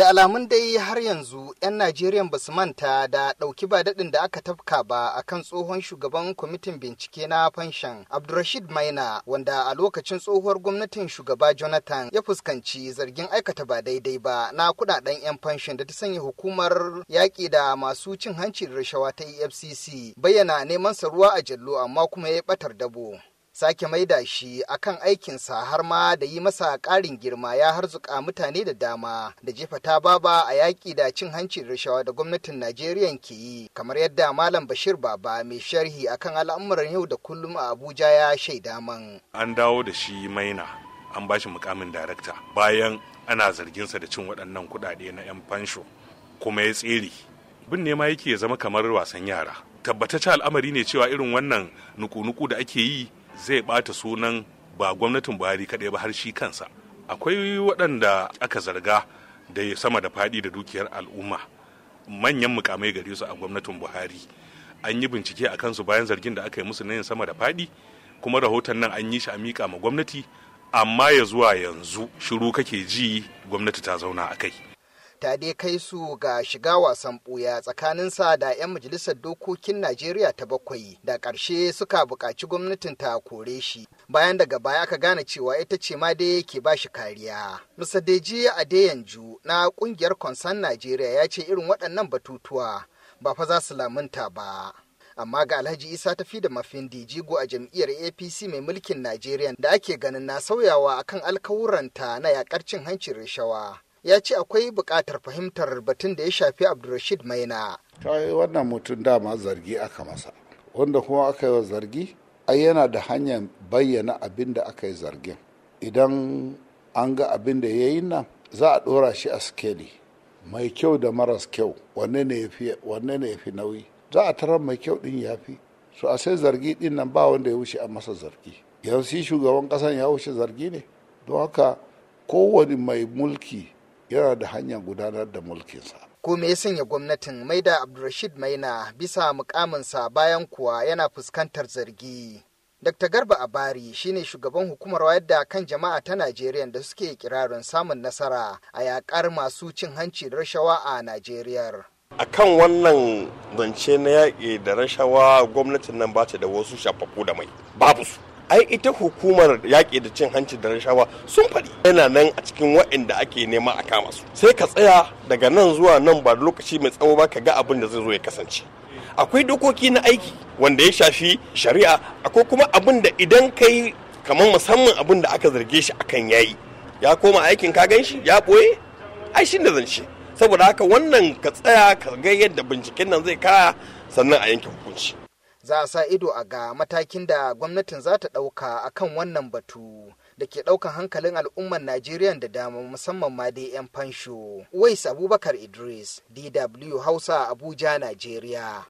da alamun dai har yanzu 'yan Najeriya ba su manta da ɗauki ba daɗin da aka tafka ba a kan tsohon shugaban kwamitin bincike na fanshan abdurrashid maina wanda a lokacin tsohuwar gwamnatin shugaba jonathan ya fuskanci zargin aikata ba daidai ba na kudaden 'yan fanshan da ta sanya hukumar yaƙi da masu cin hanci da rashawa ta efcc bayyana neman sa ruwa a jallo amma kuma ya ɓatar dabo sake maida shi akan aikinsa har ma da yi masa ƙarin girma ya harzuka mutane da dama da jefa ta baba a yaƙi da cin hancin rashawa da gwamnatin Najeriya ke yi kamar yadda Malam Bashir Baba mai sharhi akan al'amuran yau da kullum a Abuja ya shaida man. An dawo da shi maina an bashi mukamin darakta bayan ana zarginsa da cin waɗannan kuɗaɗe na 'yan fansho kuma ya tsere bin ne ma yake zama kamar wasan yara Tabbatacce al'amari ne cewa irin wannan nuku-nuku da ake yi zai bata sunan ba gwamnatin buhari kaɗai ba har shi kansa akwai waɗanda aka zarga da ya sama da faɗi da dukiyar al'umma manyan mukamai gare su a gwamnatin buhari an yi bincike a kansu bayan zargin da aka yi musu na yin sama da faɗi kuma rahoton nan an yi shi a miƙa ma gwamnati amma ya zuwa yanzu shiru kake ji gwamnati ta zauna a kai ta dai kai su ga shiga wasan ɓuya sa da 'yan majalisar dokokin Najeriya ta bakwai da ƙarshe suka buƙaci gwamnatin ta kore shi bayan daga baya aka gane cewa ita ce ma dai ke ba shi kariya. Mr. Deji Adeyanju na ƙungiyar Concern Najeriya ya ce irin waɗannan batutuwa ba fa za su lamunta ba. amma ga alhaji isa tafi da mafindi jigo a jam'iyyar apc mai mulkin najeriya da ake ganin na sauyawa akan alkawuranta na yakar cin hancin rashawa ya ce akwai buƙatar fahimtar batun da ya shafi abdulrashid maina ta wannan mutum dama zargi aka masa wanda kuma aka yi wa zargi ai yana da hanyar bayyana abin da aka yi zargin idan an ga abin da ya yi nan za a ɗora shi a skeli mai kyau da maras kyau wanne ne ya fi nauyi za a tarar mai kyau ɗin ya fi so a sai zargi ɗin nan ba wanda ya wuce a masa zargi yanzu shugaban ƙasan ya wuce zargi ne don haka kowane mai mulki yana da hanyar gudanar da mulkinsa. Ko me ya sanya gwamnatin Maida Abdulrashid Maina bisa mukaminsa bayan kuwa yana fuskantar zargi. Dr. Garba Abari shine shugaban hukumar wayar da kan jama'a ta Najeriya da suke kirarin samun nasara a yakar masu cin hanci da rashawa a Najeriya. A kan wannan zance na yaƙi da rashawa gwamnatin nan ba ta da wasu shafafu da mai babu su. ai ita hukumar yaƙi da cin hanci da rashawa sun faɗi yana nan a cikin waɗanda ake nema a kama su sai ka tsaya daga nan zuwa nan ba lokaci mai tsawo ba ka ga abin da zai zo ya kasance akwai dokoki na aiki wanda ya shafi shari'a akwai kuma abin da idan ka yi kamar musamman abin da aka zarge shi akan yayi ya koma aikin ka gan shi ya ɓoye ai shi da zance saboda haka wannan ka tsaya ka ga yadda binciken nan zai kaya sannan a yanke hukunci za a sa ido a ga matakin da gwamnatin za ta ɗauka a kan wannan batu da ke ɗaukan hankalin al'ummar Najeriya da dama musamman ma dai 'yan fansho. wais Abubakar Idris, DW Hausa, Abuja, Najeriya.